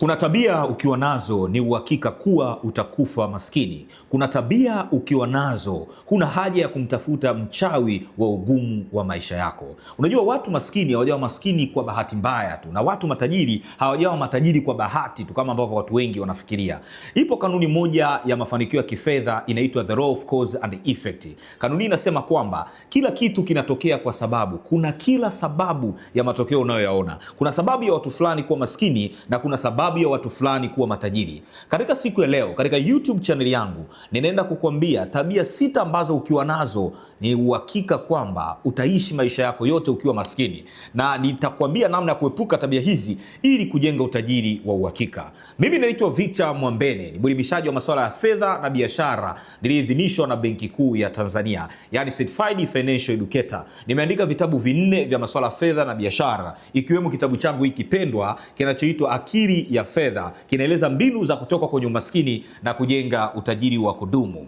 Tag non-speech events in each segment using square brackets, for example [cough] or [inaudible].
Kuna tabia ukiwa nazo ni uhakika kuwa utakufa maskini. Kuna tabia ukiwa nazo huna haja ya kumtafuta mchawi wa ugumu wa maisha yako. Unajua, watu maskini hawajawa maskini kwa bahati mbaya tu, na watu matajiri hawajawa matajiri kwa bahati tu kama ambavyo watu wengi wanafikiria. Ipo kanuni moja ya mafanikio ya kifedha inaitwa the law of cause and effect. Kanuni inasema kwamba kila kitu kinatokea kwa sababu. Kuna kila sababu ya matokeo unayoyaona. Kuna sababu ya watu fulani kuwa maskini na kuna sababu sababu ya watu fulani kuwa matajiri. Katika siku ya leo, katika YouTube channel yangu ninaenda kukuambia tabia sita ambazo ukiwa nazo ni uhakika kwamba utaishi maisha yako yote ukiwa maskini, na nitakwambia namna ya kuepuka tabia hizi ili kujenga utajiri wa uhakika. Mimi naitwa Victor Mwambene, ni mwelimishaji wa masuala ya fedha na biashara niliyeidhinishwa na Benki Kuu ya Tanzania, yani certified financial educator. Nimeandika vitabu vinne vya masuala ya fedha na biashara, ikiwemo kitabu changu hiki pendwa kinachoitwa Akili ya Fedha. Kinaeleza mbinu za kutoka kwenye umaskini na kujenga utajiri wa kudumu.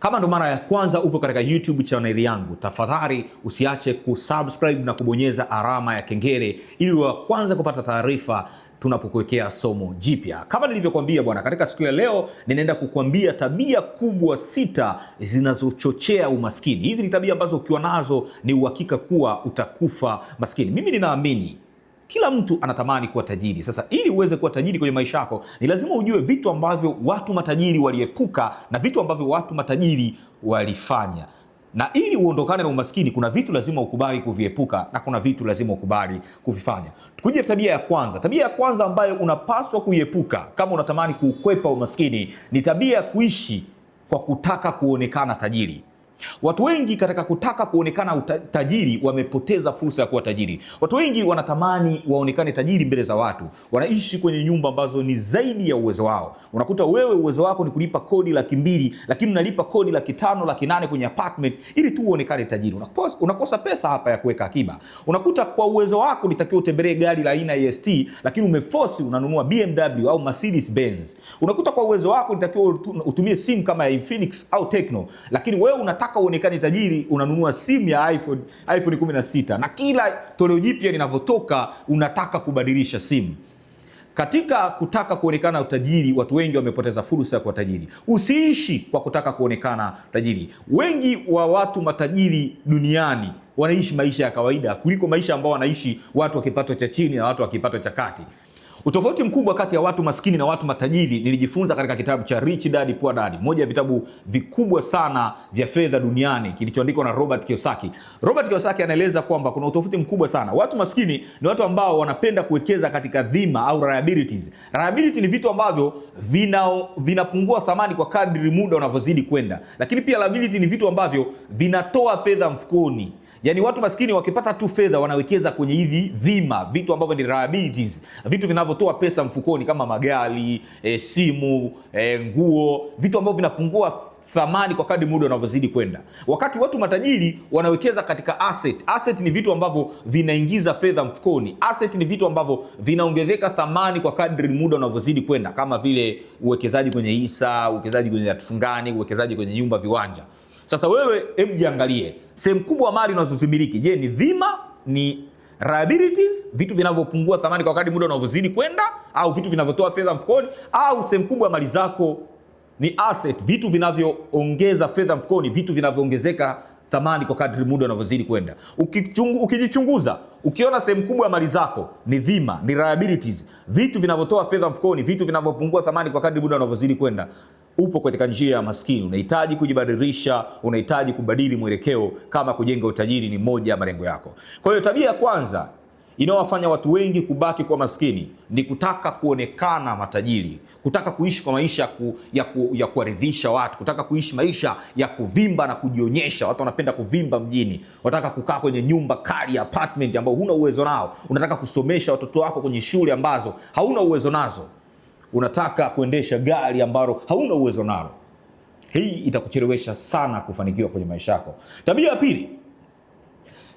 Kama ndo mara ya kwanza upo katika YouTube chaneli yangu, tafadhali usiache kusubscribe na kubonyeza alama ya kengele ili wa kwanza kupata taarifa tunapokuwekea somo jipya. Kama nilivyokuambia bwana, katika siku ya leo ninaenda kukuambia tabia kubwa sita zinazochochea umaskini. Hizi ni tabia ambazo ukiwa nazo ni uhakika kuwa utakufa maskini. Mimi ninaamini kila mtu anatamani kuwa tajiri. Sasa ili uweze kuwa tajiri kwenye maisha yako, ni lazima ujue vitu ambavyo watu matajiri waliepuka na vitu ambavyo watu matajiri walifanya na ili uondokane na umaskini, kuna vitu lazima ukubali kuviepuka na kuna vitu lazima ukubali kuvifanya. Kuja tabia ya kwanza. Tabia ya kwanza ambayo unapaswa kuiepuka kama unatamani kuukwepa umaskini ni tabia ya kuishi kwa kutaka kuonekana tajiri. Watu wengi katika kutaka kuonekana tajiri wamepoteza fursa ya kuwa tajiri. Watu wengi wanatamani waonekane tajiri mbele za watu, wanaishi kwenye nyumba ambazo ni zaidi ya uwezo wao. Unakuta wewe uwezo wako ni kulipa kodi laki mbili, lakini nalipa kodi laki tano, laki nane kwenye apartment ili tu uonekane tajiri. Unakosa, pesa hapa ya kuweka akiba. Unakuta kwa uwezo wako nitakiwa utembelee gari la aina EST, lakini umefosi unanunua BMW au Mercedes Benz. Unakuta kwa uwezo wako nitakiwa utumie simu kama ya Infinix au Tecno, lakini wewe unataka unataka uonekane tajiri, unanunua simu ya iPhone, iPhone 16 na kila toleo jipya linavyotoka unataka kubadilisha simu. Katika kutaka kuonekana utajiri, watu wengi wamepoteza fursa ya kuwa tajiri. Usiishi kwa kutaka kuonekana tajiri. Wengi wa watu matajiri duniani wanaishi maisha ya kawaida kuliko maisha ambao wanaishi watu wa kipato cha chini na watu wa kipato cha kati. Utofauti mkubwa kati ya watu maskini na watu matajiri nilijifunza katika kitabu cha Rich Dad Poor Dad, moja ya vitabu vikubwa sana vya fedha duniani kilichoandikwa na Robert Kiyosaki. Robert Kiyosaki anaeleza kwamba kuna utofauti mkubwa sana. Watu maskini ni watu ambao wanapenda kuwekeza katika dhima au liabilities. Liability ni vitu ambavyo vina vinapungua thamani kwa kadri muda unavyozidi kwenda, lakini pia liability ni vitu ambavyo vinatoa fedha mfukoni. Yaani watu maskini wakipata tu fedha wanawekeza kwenye hivi vima vitu ambavyo ni liabilities, vitu vinavyotoa pesa mfukoni kama magari, e, simu, e, nguo, vitu ambavyo vinapungua thamani kwa kadri muda unavyozidi kwenda, wakati watu matajiri wanawekeza katika asset. Asset ni vitu ambavyo vinaingiza fedha mfukoni. Asset ni vitu ambavyo vinaongezeka thamani kwa kadri muda unavyozidi kwenda, kama vile uwekezaji kwenye hisa, uwekezaji kwenye fungani, uwekezaji kwenye nyumba, viwanja. Sasa wewe hebu jiangalie sehemu kubwa mali unazozimiliki, je, ni dhima, ni liabilities, vitu vinavyopungua thamani kwa kadri muda unavyozidi kwenda, au vitu vinavyotoa fedha mfukoni, au sehemu kubwa ya mali zako ni asset, vitu vinavyoongeza fedha mfukoni, vitu vinavyoongezeka thamani kwa kadri muda unavyozidi kwenda. Ukijichunguza, ukiona sehemu kubwa ya mali zako ni dhima, ni liabilities, vitu vinavyotoa fedha mfukoni, vitu vinavyopungua thamani kwa kadri muda unavyozidi kwenda upo katika njia ya maskini, unahitaji kujibadilisha, unahitaji kubadili mwelekeo, kama kujenga utajiri ni moja ya malengo yako. Kwa hiyo tabia ya kwanza inayowafanya watu wengi kubaki kwa maskini ni kutaka kuonekana matajiri, kutaka kuishi kwa maisha ku, ya, ku, ya kuwaridhisha watu, kutaka kuishi maisha ya kuvimba na kujionyesha. Watu wanapenda kuvimba mjini, wanataka kukaa kwenye nyumba kali apartment, ambao huna uwezo nao. Unataka kusomesha watoto wako kwenye shule ambazo hauna uwezo nazo unataka kuendesha gari ambalo hauna uwezo nalo, hii itakuchelewesha sana kufanikiwa kwenye maisha yako. Tabia ya pili,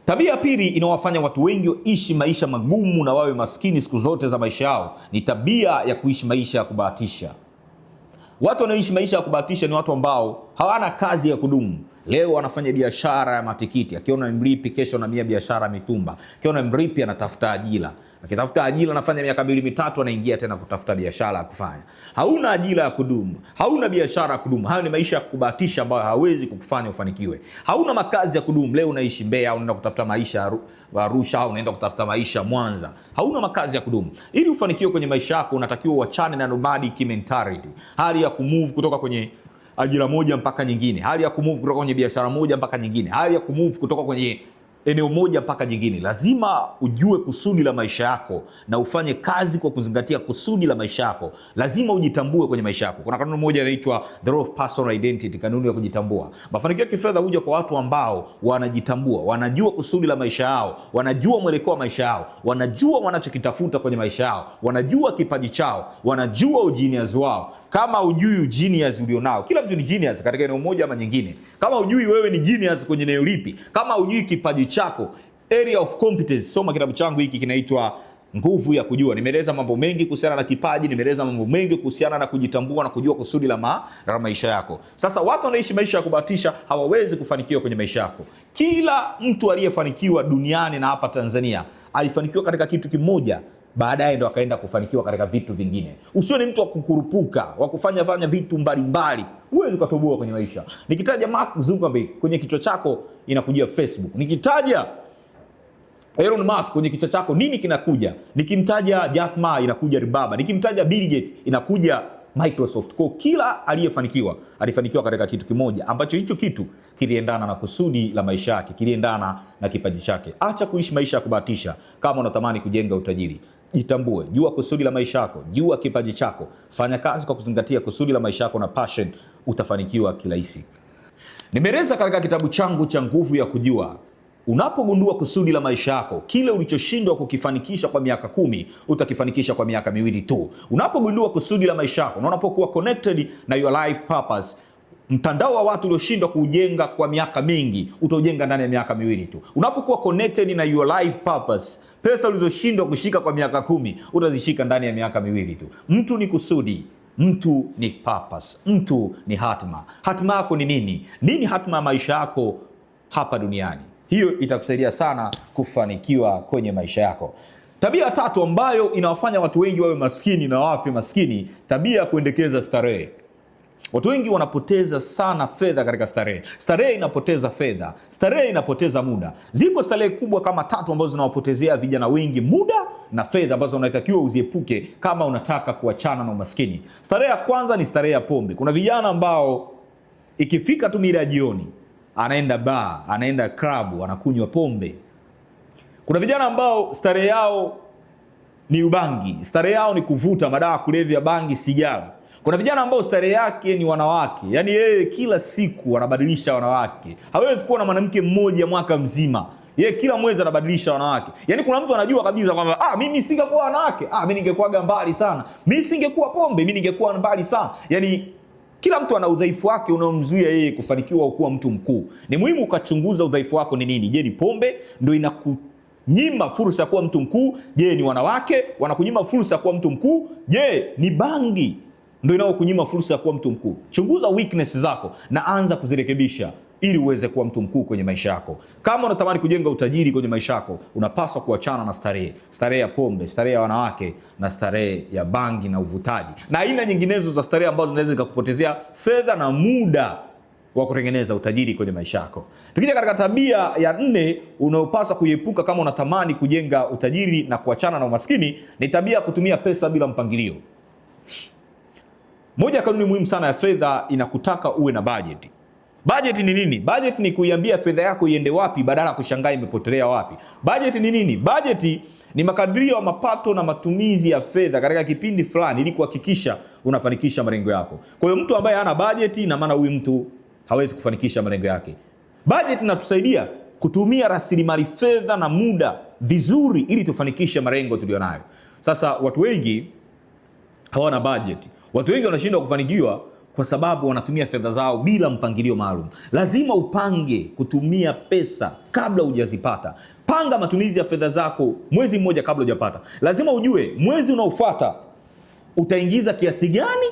tabia ya pili inawafanya watu wengi waishi maisha magumu na wawe maskini siku zote za maisha yao ni tabia ya kuishi maisha ya kubahatisha. Watu wanaoishi maisha ya kubahatisha ni watu ambao hawana kazi ya kudumu. Leo anafanya biashara ya matikiti, akiona mripi, kesho anamia biashara mitumba, akiona mripi anatafuta ajira akitafuta ajira, anafanya miaka miwili mitatu, anaingia tena kutafuta biashara ya kufanya. Hauna ajira ya kudumu, hauna biashara ya kudumu. Hayo ni maisha ya kubahatisha ambayo hawezi kukufanya ufanikiwe. Hauna makazi ya kudumu. Leo unaishi Mbeya au unaenda kutafuta maisha Arusha au unaenda kutafuta maisha Mwanza, hauna makazi ya kudumu. Ili ufanikiwe kwenye maisha yako, unatakiwa uachane na nomadic mentality, hali ya kumove kutoka kwenye ajira moja mpaka nyingine, hali ya kumove kutoka kwenye biashara moja mpaka nyingine, hali ya kumove kutoka kwenye eneo moja mpaka jingine. Lazima ujue kusudi la maisha yako na ufanye kazi kwa kuzingatia kusudi la maisha yako. Lazima ujitambue kwenye maisha yako. Kuna kanuni moja inaitwa the law of personal identity, kanuni ya kujitambua. Mafanikio ya kifedha huja kwa watu ambao wanajitambua, wanajua kusudi la maisha yao, wanajua mwelekeo wa maisha yao, wanajua wanachokitafuta kwenye maisha yao, wanajua kipaji chao, wanajua ujiniazi wao kama ujui genius ulionao, kila mtu ni genius katika eneo moja ama nyingine. Kama ujui wewe ni genius kwenye eneo lipi, kama ujui kipaji chako, area of competence, soma kitabu changu hiki kinaitwa Nguvu ya Kujua. Nimeeleza mambo mengi kuhusiana na kipaji, nimeeleza mambo mengi kuhusiana na kujitambua na kujua kusudi la, ma, la maisha yako. Sasa watu wanaishi maisha ya kubahatisha, hawawezi kufanikiwa kwenye maisha yako. Kila mtu aliyefanikiwa duniani na hapa Tanzania alifanikiwa katika kitu kimoja baadaye ndo akaenda kufanikiwa katika vitu vingine. Usio ni mtu wa kukurupuka wa kufanya fanya vitu mbalimbali, huwezi ukatoboa kwenye maisha. Nikitaja Mark Zuckerberg kwenye kichwa chako inakujia Facebook, nikitaja Elon Musk kwenye kichwa chako nini kinakuja? Nikimtaja Jack Ma inakuja Alibaba, nikimtaja Bill Gates inakuja Microsoft. Kwa kila aliyefanikiwa alifanikiwa katika kitu kimoja ambacho hicho kitu kiliendana na kusudi la maisha yake, kiliendana na kipaji chake. Acha kuishi maisha ya kubahatisha kama unatamani kujenga utajiri. Jitambue, jua kusudi la maisha yako, jua kipaji chako, fanya kazi kwa kuzingatia kusudi la maisha yako na passion, utafanikiwa kirahisi. Nimeeleza katika kitabu changu cha Nguvu ya Kujua. Unapogundua kusudi la maisha yako, kile ulichoshindwa kukifanikisha kwa miaka kumi utakifanikisha kwa miaka miwili tu. Unapogundua kusudi la maisha yako na unapokuwa connected na your life purpose Mtandao wa watu ulioshindwa kuujenga kwa miaka mingi utaujenga ndani ya miaka miwili tu. Unapokuwa connected na your life purpose, pesa ulizoshindwa kushika kwa miaka kumi utazishika ndani ya miaka miwili tu. Mtu ni kusudi, mtu ni purpose, mtu ni hatma. Hatma yako ni nini? Nini hatma ya maisha yako hapa duniani? Hiyo itakusaidia sana kufanikiwa kwenye maisha yako. Tabia tatu ambayo inawafanya watu wengi wawe maskini na wafe maskini, tabia ya kuendekeza starehe. Watu wengi wanapoteza sana fedha katika starehe. Starehe inapoteza fedha, starehe inapoteza muda. Zipo starehe kubwa kama tatu ambazo zinawapotezea vijana wengi muda na fedha ambazo unatakiwa uziepuke kama unataka kuachana na umaskini. Starehe ya kwanza ni starehe ya pombe. Kuna vijana ambao ikifika tu mira ya jioni, anaenda baa, anaenda klabu, anakunywa pombe. Kuna vijana ambao starehe yao ni ubangi, starehe yao ni kuvuta madawa kulevya, bangi, sigara. Kuna vijana ambao starehe yake ni wanawake, yaani yeye kila siku anabadilisha wanawake, hawezi kuwa na mwanamke mmoja mwaka mzima ye kila mwezi anabadilisha wanawake. Yaani kuna mtu anajua kabisa kwamba ah, mimi singekuwa wanawake, ah, mimi ningekuwaga mbali sana, mimi singekuwa pombe, mimi ningekuwa mbali sana. Yaani kila mtu ana udhaifu wake unaomzuia yeye kufanikiwa kuwa mtu mkuu. Ni muhimu ukachunguza udhaifu wako ni nini. Je, ni pombe ndo inaku nyima fursa ya kuwa mtu mkuu? Je, ni wanawake wanakunyima fursa ya kuwa mtu mkuu? Je, ni bangi ndio inayokunyima fursa ya kuwa mtu mkuu? Chunguza weakness zako na anza kuzirekebisha ili uweze kuwa mtu mkuu kwenye maisha yako. Kama unatamani kujenga utajiri kwenye maisha yako, unapaswa kuachana na starehe, starehe ya pombe, starehe ya wanawake na starehe ya bangi na uvutaji na aina nyinginezo za starehe ambazo zinaweza zikakupotezea fedha na muda wa kutengeneza utajiri kwenye maisha yako. Tukija katika tabia ya nne unayopaswa kuiepuka kama unatamani kujenga utajiri na kuachana na umaskini ni tabia ya kutumia pesa bila mpangilio. Moja ya kanuni muhimu sana ya fedha inakutaka uwe na bajeti. Bajeti ni nini? Bajeti ni kuiambia fedha yako iende wapi badala ya kushangaa imepotelea wapi. Bajeti ni nini? Bajeti ni makadirio ya mapato na matumizi ya fedha katika kipindi fulani ili kuhakikisha unafanikisha malengo yako. Kwa hiyo mtu ambaye hana bajeti, ina maana huyu mtu hawezi kufanikisha malengo yake. Bajeti inatusaidia kutumia rasilimali fedha na muda vizuri ili tufanikishe malengo tuliyonayo. Sasa watu wengi hawana bajeti, watu wengi wanashindwa kufanikiwa kwa sababu wanatumia fedha zao bila mpangilio maalum. Lazima upange kutumia pesa kabla hujazipata. Panga matumizi ya fedha zako mwezi mmoja kabla hujapata. Lazima ujue mwezi unaofuata utaingiza kiasi gani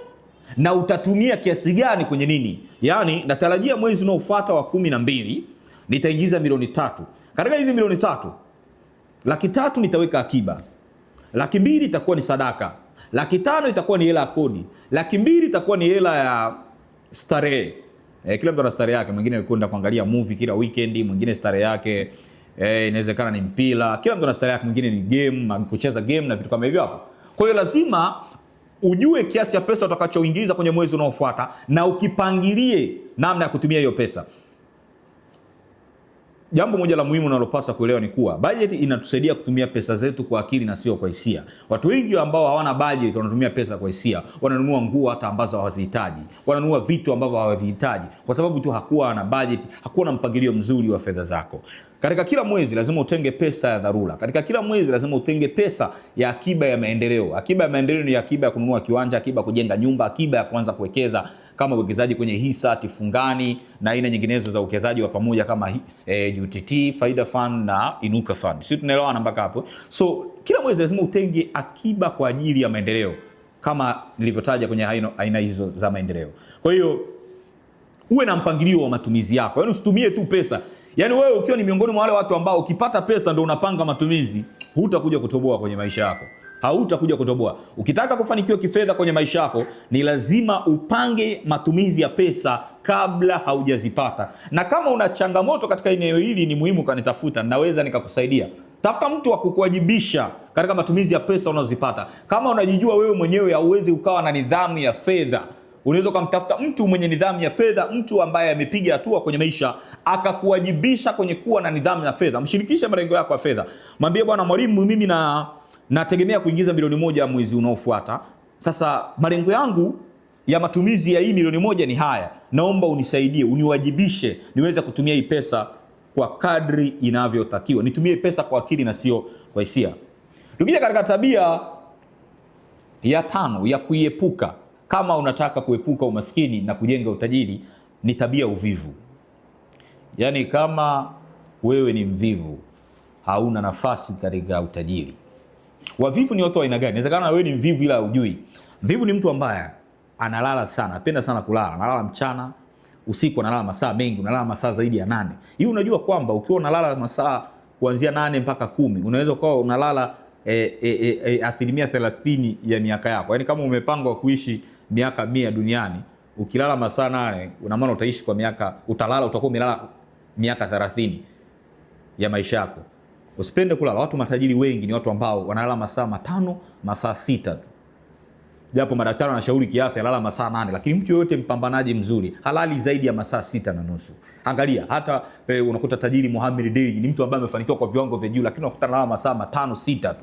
na utatumia kiasi gani kwenye nini. Yaani natarajia mwezi unaofuata wa kumi na mbili nitaingiza milioni tatu. Katika hizi milioni tatu, laki tatu nitaweka akiba, laki mbili itakuwa ni sadaka, laki tano itakuwa ni hela ya kodi, laki mbili itakuwa ni hela ya starehe. Eh, kila mtu ana starehe yake. Mwingine kwenda kuangalia movie kila weekend, mwingine starehe yake eh, inawezekana ni mpira. Kila mtu ana starehe yake, mwingine ni game, kucheza game na vitu kama hivyo hapo. Kwa hiyo lazima ujue kiasi cha pesa utakachoingiza kwenye mwezi unaofuata na ukipangilie namna ya kutumia hiyo pesa. Jambo moja la muhimu nalopaswa kuelewa ni kuwa bajeti inatusaidia kutumia pesa zetu kwa akili na sio kwa hisia. Watu wengi ambao hawana bajeti wanatumia pesa kwa hisia, wananunua nguo hata ambazo hawazihitaji, wananunua vitu ambavyo hawavihitaji kwa sababu tu hakuwa na bajeti, hakuwa na mpangilio mzuri wa fedha zako. Katika kila mwezi lazima utenge pesa ya dharura. Katika kila mwezi lazima utenge pesa ya akiba ya maendeleo. Akiba ya maendeleo ni akiba ya kununua kiwanja, akiba ya kujenga nyumba, akiba ya kuanza kuwekeza kama uwekezaji kwenye hisa tifungani na aina nyinginezo za uwekezaji wa pamoja kama e, UTT Faida Fund na Inuka Fund. Sisi tunaelewana mpaka hapo. So kila mwezi lazima utenge akiba kwa ajili ya maendeleo kama nilivyotaja kwenye aina hizo za maendeleo. Kwa hiyo uwe na mpangilio wa matumizi yako, yaani usitumie tu pesa. Yaani wewe ukiwa ni miongoni mwa wale watu ambao ukipata pesa ndio unapanga matumizi, hutakuja kutoboa kwenye maisha yako hautakuja kutoboa. Ukitaka kufanikiwa kifedha kwenye maisha yako, ni lazima upange matumizi ya pesa kabla haujazipata. Na kama una changamoto katika eneo hili, ni muhimu kanitafuta, naweza nikakusaidia. Tafuta mtu wa kukuwajibisha katika matumizi ya pesa unazozipata. Kama unajijua wewe mwenyewe hauwezi ukawa na nidhamu ya fedha, unaweza ukamtafuta mtu mwenye nidhamu ya fedha, mtu ambaye amepiga hatua kwenye maisha akakuwajibisha kwenye kuwa na nidhamu ya fedha. Mshirikishe malengo yako ya fedha, mwambie bwana mwalimu, mimi na nategemea kuingiza milioni moja mwezi unaofuata. Sasa malengo yangu ya matumizi ya hii milioni moja ni haya, naomba unisaidie, uniwajibishe niweze kutumia hii pesa kwa kadri inavyotakiwa, nitumie pesa kwa akili na sio kwa hisia. Tukija katika tabia ya tano ya kuiepuka, kama unataka kuepuka umaskini na kujenga utajiri, ni tabia uvivu. Yaani, kama wewe ni mvivu, hauna nafasi katika utajiri. Wavivu ni watu wa aina gani? Inawezekana wewe ni mvivu ila hujui. Mvivu ni mtu ambaye analala sana, anapenda sana kulala, analala mchana, usiku analala masaa mengi, unalala masaa zaidi ya nane. Hii unajua kwamba ukiwa unalala masaa kuanzia nane mpaka kumi unaweza ukawa unalala e, e, e, e, asilimia thelathini ya miaka yako, yaani kama umepangwa kuishi miaka mia duniani ukilala masaa nane una maana utaishi kwa miaka utalala, utakuwa umelala miaka thelathini ya maisha yako. Usipende kulala. Watu matajiri wengi ni watu ambao wanalala masaa matano, masaa sita tu, japo madaktari wanashauri kiafya lala masaa nane, lakini mtu yoyote mpambanaji mzuri halali zaidi ya masaa sita na nusu. Angalia hata e, unakuta tajiri Muhammad Dewji ni mtu ambaye amefanikiwa kwa viwango vya juu, lakini unakuta analala masaa matano sita tu,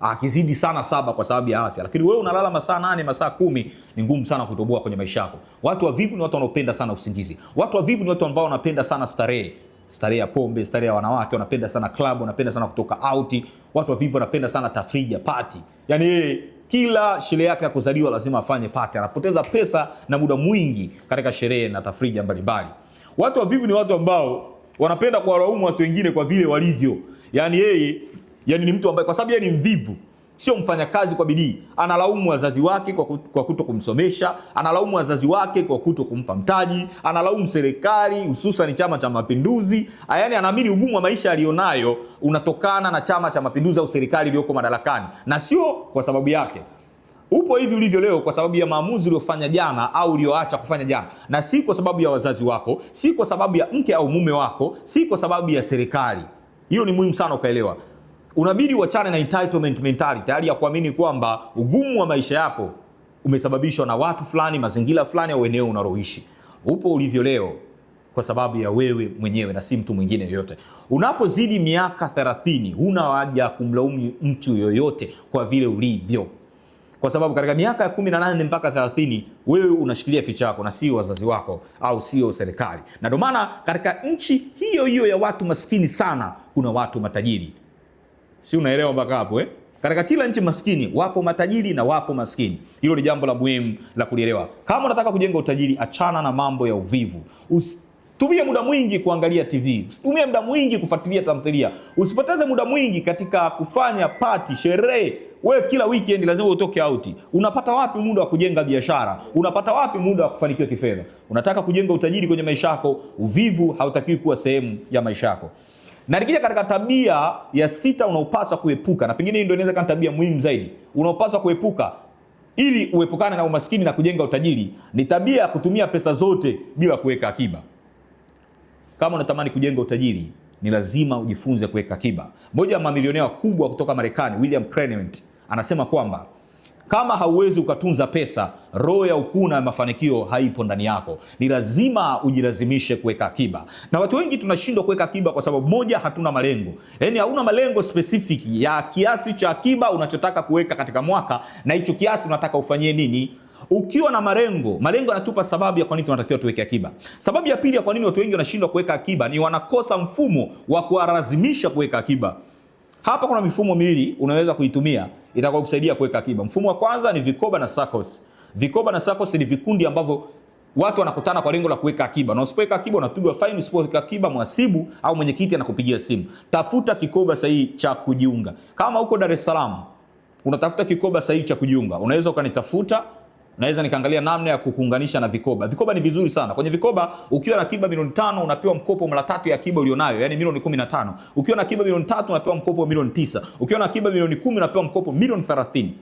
akizidi sana saba kwa sababu ya afya, lakini wewe unalala masaa nane masaa kumi. Ni ngumu sana kutoboa kwenye maisha yako. Watu wavivu ni watu wanaopenda sana usingizi. Watu wavivu ni watu ambao wanapenda sana starehe starehe ya pombe, starehe ya wanawake, wanapenda sana club, wanapenda sana kutoka out. Watu wavivu wanapenda sana tafrija, party. Yani yeye kila sherehe yake ya kuzaliwa lazima afanye party. Anapoteza pesa na muda mwingi katika sherehe na tafrija mbalimbali. Watu wavivu ni watu ambao wanapenda kuwalaumu watu wengine kwa vile walivyo. yani yeye, yani ni mtu ambaye kwa sababu yeye ni mvivu sio mfanyakazi kwa bidii. Analaumu wazazi wake kwa kuto kumsomesha, analaumu wazazi wake kwa kuto kumpa mtaji, analaumu serikali, hususan Chama cha Mapinduzi. Ah, yaani anaamini ugumu wa maisha aliyonayo unatokana na Chama cha Mapinduzi au serikali iliyoko madarakani na sio kwa sababu yake. Upo hivi ulivyo leo kwa sababu ya maamuzi uliyofanya jana au ulioacha kufanya jana, na si kwa sababu ya wazazi wako, si kwa sababu ya mke au mume wako, si kwa sababu ya serikali. Hilo ni muhimu sana ukaelewa unabidi uachane na entitlement mentality, tayari ya kuamini kwamba ugumu wa maisha yako umesababishwa na watu fulani, mazingira fulani, au eneo unaloishi. Upo ulivyo leo kwa sababu ya wewe mwenyewe na si mtu mwingine yoyote. Unapozidi miaka 30 huna haja ya kumlaumu mtu yoyote kwa vile ulivyo, kwa sababu katika miaka ya 18 mpaka 30 wewe unashikilia ficha yako na sio wazazi wako au sio serikali. Na ndio maana katika nchi hiyo hiyo ya watu maskini sana kuna watu matajiri si unaelewa mpaka hapo eh? Katika kila nchi maskini wapo matajiri na wapo maskini. Hilo ni jambo la muhimu la kulielewa. Kama unataka kujenga utajiri, achana na mambo ya uvivu. Usitumie muda mwingi kuangalia TV, usitumie muda mwingi kufuatilia tamthilia, usipoteze muda mwingi katika kufanya pati, sherehe. We kila weekend lazima utoke out. Unapata wapi muda wa kujenga biashara? Unapata wapi muda wa kufanikiwa kifedha? Unataka kujenga utajiri kwenye maisha yako, uvivu hautakiwi kuwa sehemu ya maisha yako. Na nikija katika tabia ya sita unaopaswa kuepuka, na pengine hii ndio inaweza kama tabia muhimu zaidi unaopaswa kuepuka ili uepukane na umaskini na kujenga utajiri, ni tabia ya kutumia pesa zote bila kuweka akiba. Kama unatamani kujenga utajiri, ni lazima ujifunze kuweka akiba. Mmoja wa mamilionea wakubwa kutoka Marekani, William Clement, anasema kwamba kama hauwezi ukatunza pesa, roho ya ukuna ya mafanikio haipo ndani yako. Ni lazima ujilazimishe kuweka akiba, na watu wengi tunashindwa kuweka akiba kwa sababu moja, hatuna malengo, yaani hauna malengo specific ya kiasi cha akiba unachotaka kuweka katika mwaka, na hicho kiasi unataka ufanyie nini? Ukiwa na malengo, malengo yanatupa sababu ya kwa nini tunatakiwa tuweke akiba. Sababu ya pili ya kwa nini watu wengi wanashindwa kuweka akiba ni wanakosa mfumo wa kuwalazimisha kuweka akiba. Hapa kuna mifumo miwili unaweza kuitumia itakuwa kusaidia kuweka akiba. Mfumo wa kwanza ni vikoba na SACCOS. Vikoba na SACCOS ni vikundi ambavyo watu wanakutana kwa lengo la kuweka akiba, na usipoweka akiba unapigwa faini. Usipoweka akiba, mwasibu au mwenyekiti anakupigia simu. Tafuta kikoba sahihi cha kujiunga. Kama uko Dar es Salaam unatafuta kikoba sahihi cha kujiunga, unaweza ukanitafuta naweza nikaangalia namna ya kukuunganisha na vikoba. Vikoba ni vizuri sana. Kwenye vikoba ukiwa na akiba milioni tano unapewa mkopo mara tatu ya akiba ulionayo, yani milioni kumi na tano. Ukiwa na akiba milioni tatu unapewa mkopo milioni tisa. Ukiwa na akiba milioni kumi unapewa mkopo milioni thelathini.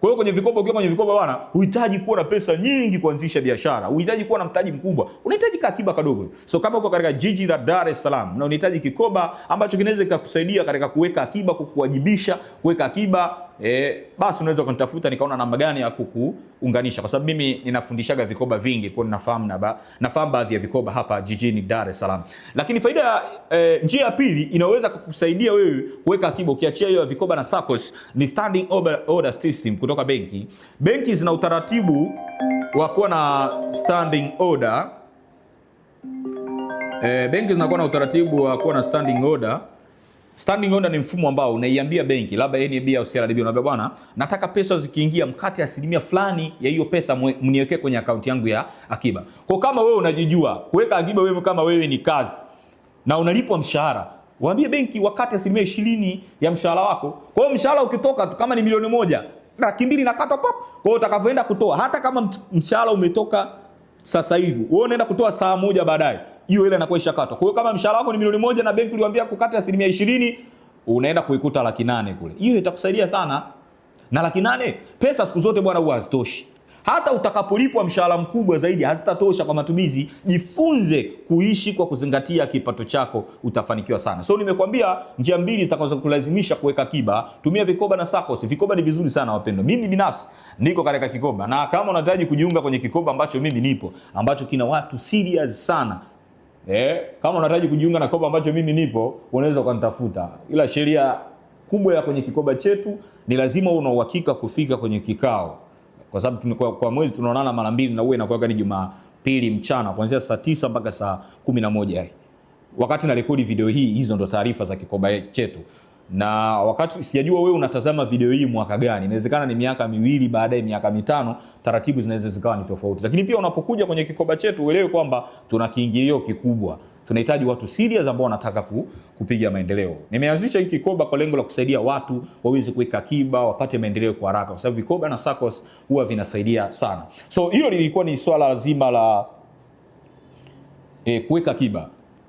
Kwa hiyo kwenye vikoba, ukiwa kwenye vikoba bwana, huhitaji kuwa na pesa nyingi kuanzisha biashara, huhitaji kuwa na mtaji mkubwa, unahitaji ka akiba kadogo. So kama uko katika jiji la Dar es Salaam na unahitaji kikoba ambacho kinaweza kikakusaidia katika kuweka akiba, kukuwajibisha kuweka akiba e, basi unaweza kunitafuta nikaona namna gani ya kukuunganisha, kwa sababu mimi ninafundishaga vikoba vingi, kwa nafahamu na nafahamu baadhi ya vikoba hapa jijini Dar es Salaam. Lakini faida e, njia ya pili inaweza kukusaidia wewe kuweka akiba ukiachia hiyo ya vikoba na SACCOS ni standing order system kutoka benki. Benki zina utaratibu wa kuwa na standing order. E, benki zinakuwa na utaratibu wa kuwa na standing order Standing order ni mfumo ambao unaiambia benki labda NAB au CRDB, unaambia bwana, nataka pesa zikiingia mkate asilimia fulani ya hiyo pesa mniwekee kwenye akaunti yangu ya akiba. Kwa kama wewe unajijua kuweka akiba, wewe kama wewe ni kazi na unalipwa mshahara, waambie benki wakate asilimia ishirini ya mshahara wako. Kwa hiyo mshahara ukitoka tu kama ni milioni moja, laki mbili nakatwa pap. Kwa hiyo utakavyoenda kutoa, hata kama mshahara umetoka sasa hivi, wewe unaenda kutoa saa moja baadaye hiyo hela inakuwa ishakatwa. Kwa hiyo kama mshahara wako ni milioni moja na benki uliwaambia kukata asilimia ishirini, unaenda kuikuta laki nane kule. Hiyo itakusaidia sana, na laki nane pesa siku zote bwana huwa hazitoshi hata utakapolipwa mshahara mkubwa zaidi hazitatosha kwa matumizi. Jifunze kuishi kwa kuzingatia kipato chako, utafanikiwa sana. So nimekwambia njia mbili zitakazo kulazimisha kuweka kiba: Tumia vikoba na SACCOS. Vikoba ni vizuri sana wapendwa, mimi binafsi niko katika kikoba, na kama unahitaji kujiunga kwenye kikoba ambacho mimi nipo, ambacho kina watu serious sana Eh, kama unahitaji kujiunga na kikoba ambacho mimi nipo, unaweza ukanitafuta, ila sheria kubwa ya kwenye kikoba chetu ni lazima una uhakika kufika kwenye kikao, kwa sababu kwa, kwa mwezi tunaonana mara mbili na uwe inakuwa ni Jumapili mchana kuanzia saa tisa mpaka saa kumi na moja wakati na rekodi video hii. Hizo ndo taarifa za kikoba chetu na wakati sijajua wewe unatazama video hii mwaka gani, inawezekana ni miaka miwili baadaye, miaka mitano, taratibu zinaweza zikawa ni tofauti. Lakini pia unapokuja kwenye kikoba chetu uelewe kwamba tuna kiingilio kikubwa, tunahitaji watu serious ambao wanataka ku, kupiga maendeleo. Nimeanzisha hiki kikoba kwa lengo la kusaidia watu waweze kuweka akiba, wapate maendeleo kwa haraka, kwa sababu vikoba na SACCOS huwa vinasaidia sana. So hilo lilikuwa ni swala zima la eh, kuweka akiba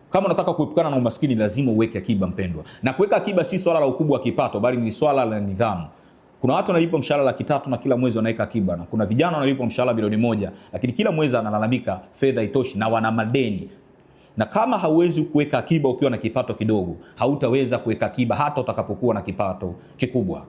kama unataka kuepukana na umaskini, lazima uweke akiba, mpendwa. Na kuweka akiba si swala la ukubwa wa kipato, bali ni swala la nidhamu. Kuna watu wanalipwa mshahara laki tatu na kila mwezi wanaweka akiba, na kuna vijana wanalipwa mshahara bilioni moja lakini kila mwezi analalamika fedha itoshi na wana madeni. Na kama hauwezi kuweka akiba ukiwa na kipato kidogo, hautaweza kuweka akiba hata utakapokuwa na kipato kikubwa.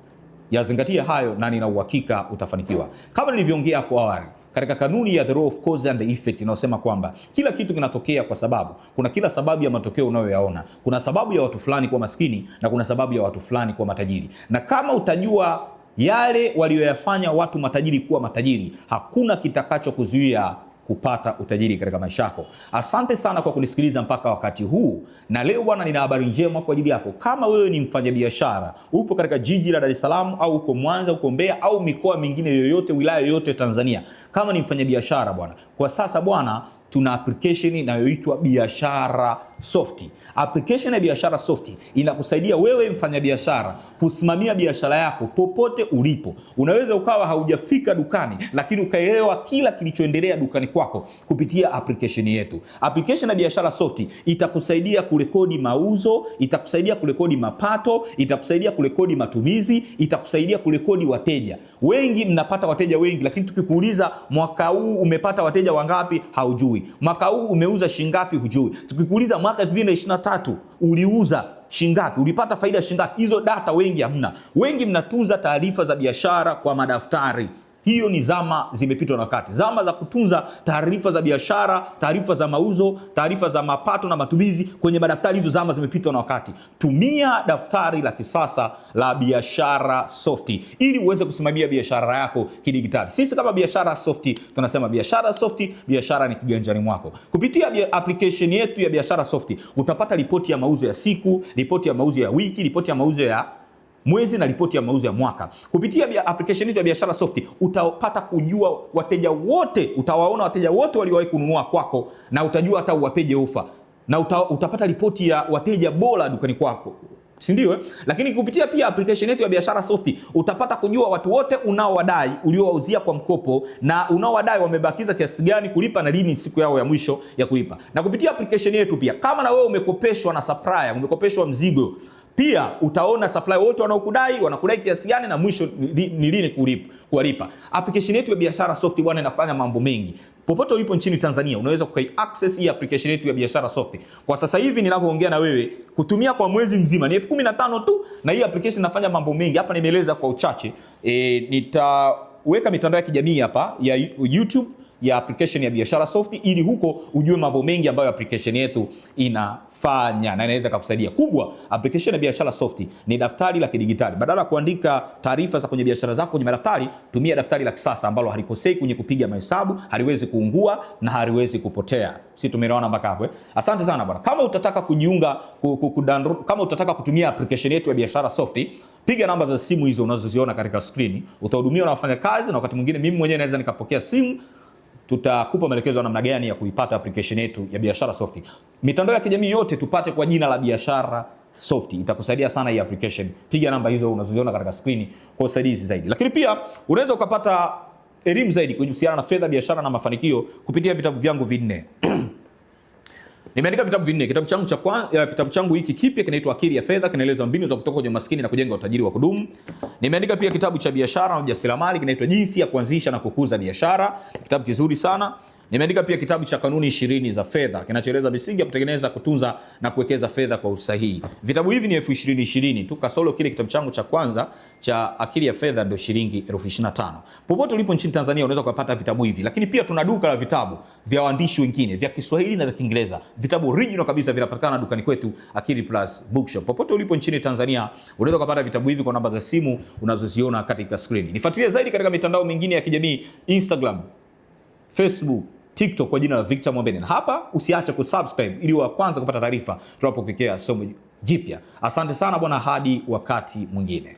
Yazingatia hayo na nina uhakika utafanikiwa. Kama nilivyoongea hapo awali, katika kanuni ya the law of cause and effect inayosema kwamba kila kitu kinatokea kwa sababu. Kuna kila sababu ya matokeo unayoyaona. Kuna sababu ya watu fulani kuwa maskini na kuna sababu ya watu fulani kuwa matajiri, na kama utajua yale walioyafanya watu matajiri kuwa matajiri, hakuna kitakachokuzuia kupata utajiri katika maisha yako. Asante sana kwa kunisikiliza mpaka wakati huu, na leo bwana, nina habari njema kwa ajili yako. Kama wewe ni mfanyabiashara, upo katika jiji la Dar es Salaam au uko Mwanza, uko Mbeya au mikoa mingine yoyote, wilaya yoyote Tanzania, kama ni mfanyabiashara bwana, kwa sasa bwana tuna application inayoitwa biashara softi. Application ya biashara softi inakusaidia wewe mfanyabiashara kusimamia biashara yako popote ulipo. Unaweza ukawa haujafika dukani, lakini ukaelewa kila kilichoendelea dukani kwako kupitia application yetu. Application ya biashara softi itakusaidia kurekodi mauzo, itakusaidia kurekodi mapato, itakusaidia kurekodi matumizi, itakusaidia kurekodi wateja. Wengi mnapata wateja wengi, lakini tukikuuliza mwaka huu umepata wateja wangapi, haujui hujui, mwaka huu umeuza shingapi hujui. Tukikuuliza mwaka 2023 uliuza shingapi, ulipata faida shingapi, hizo data wengi hamna. Wengi mnatunza taarifa za biashara kwa madaftari hiyo ni zama zimepitwa na wakati, zama za kutunza taarifa za biashara, taarifa za mauzo, taarifa za mapato na matumizi kwenye madaftari. Hizo zama zimepitwa na wakati. Tumia daftari la kisasa la biashara Soft ili uweze kusimamia biashara yako kidigitali. Sisi kama biashara Soft tunasema biashara Soft, biashara ni kiganjani mwako. Kupitia application yetu ya biashara Soft utapata ripoti ya mauzo ya siku, ripoti ya mauzo ya wiki, ripoti ya mauzo ya mwezi na ripoti ya mauzo ya mwaka. Kupitia application yetu ya biashara Soft utapata kujua wateja wote, utawaona wateja wote waliowahi kununua kwako, na utajua hata uwapeje ofa na uta, utapata ripoti ya wateja bora dukani kwako si ndio eh? Lakini kupitia pia application yetu ya biashara Soft utapata kujua watu wote unaowadai uliowauzia kwa mkopo na unaowadai wamebakiza kiasi gani kulipa na lini siku yao ya mwisho ya kulipa. Na kupitia application yetu pia, kama na wewe umekopeshwa na supplier, umekopeshwa mzigo pia utaona supply wote wanaokudai wanakudai kiasi gani na mwisho ni lini kuwalipa. Application yetu ya biashara soft bwana inafanya mambo mengi. Popote ulipo nchini Tanzania unaweza kukai access hii application yetu ya biashara soft. Kwa sasa hivi ninavyoongea na wewe, kutumia kwa mwezi mzima ni elfu kumi na tano tu, na hii application inafanya mambo mengi. Hapa nimeeleza kwa uchache. E, nitaweka mitandao ya kijamii hapa ya YouTube ya application ya biashara soft, ili huko ujue mambo mengi ambayo application yetu inafanya na inaweza kukusaidia. Kubwa, application ya biashara soft ni daftari la kidigitali. Badala ya kuandika taarifa za kwenye biashara zako kwenye madaftari, tumia daftari la kisasa ambalo halikosei kwenye kupiga mahesabu, haliwezi kuungua na haliwezi kupotea. Si tumeona mpaka hapo? eh? Asante sana bwana. Kama utataka kujiunga kudandu, kama utataka kutumia application yetu ya biashara soft piga namba za simu hizo unazoziona katika screen, Utahudumiwa na wafanyakazi na wakati mwingine mimi mwenyewe naweza nikapokea simu tutakupa maelekezo ya namna gani ya kuipata application yetu ya Biashara Soft. Mitandao ya kijamii yote tupate kwa jina la Biashara Soft. Itakusaidia sana hii application. Piga namba hizo unazoziona katika screen kwa usaidizi zaidi. Lakini pia unaweza ukapata elimu zaidi kuhusiana na fedha, biashara na mafanikio kupitia vitabu vyangu vinne [clears throat] Nimeandika vitabu vinne. Kitabu changu cha kwanza, eh, kitabu changu hiki kipya kinaitwa Akili ya Fedha, kinaeleza mbinu za kutoka kwenye umaskini na kujenga utajiri wa kudumu. Nimeandika pia kitabu cha biashara na ujasiriamali, kinaitwa Jinsi ya Kuanzisha na Kukuza Biashara, kitabu kizuri sana. Nimeandika pia kitabu cha kanuni ishirini za fedha kinachoeleza misingi ya kutengeneza, kutunza na kuwekeza fedha kwa usahihi. Vitabu hivi ni elfu ishirini ishirini tu kasolo kile kitabu changu cha kwanza cha akili ya fedha ndio shilingi elfu ishirini na tano. Popote ulipo nchini Tanzania unaweza kupata vitabu hivi, lakini pia tuna duka la vitabu vya waandishi wengine vya Kiswahili na vya Kiingereza. Vitabu original kabisa vinapatikana dukani kwetu Akili Plus Bookshop. Popote ulipo nchini Tanzania unaweza kupata vitabu hivi kwa namba za simu unazoziona katika screen. Nifuatilie zaidi katika mitandao mingine ya kijamii Instagram, Facebook TikTok kwa jina la Victor Mwambene, na hapa usiache kusubscribe ili wa kwanza kupata taarifa tunapokuwekea somo jipya. Asante sana bwana, hadi wakati mwingine.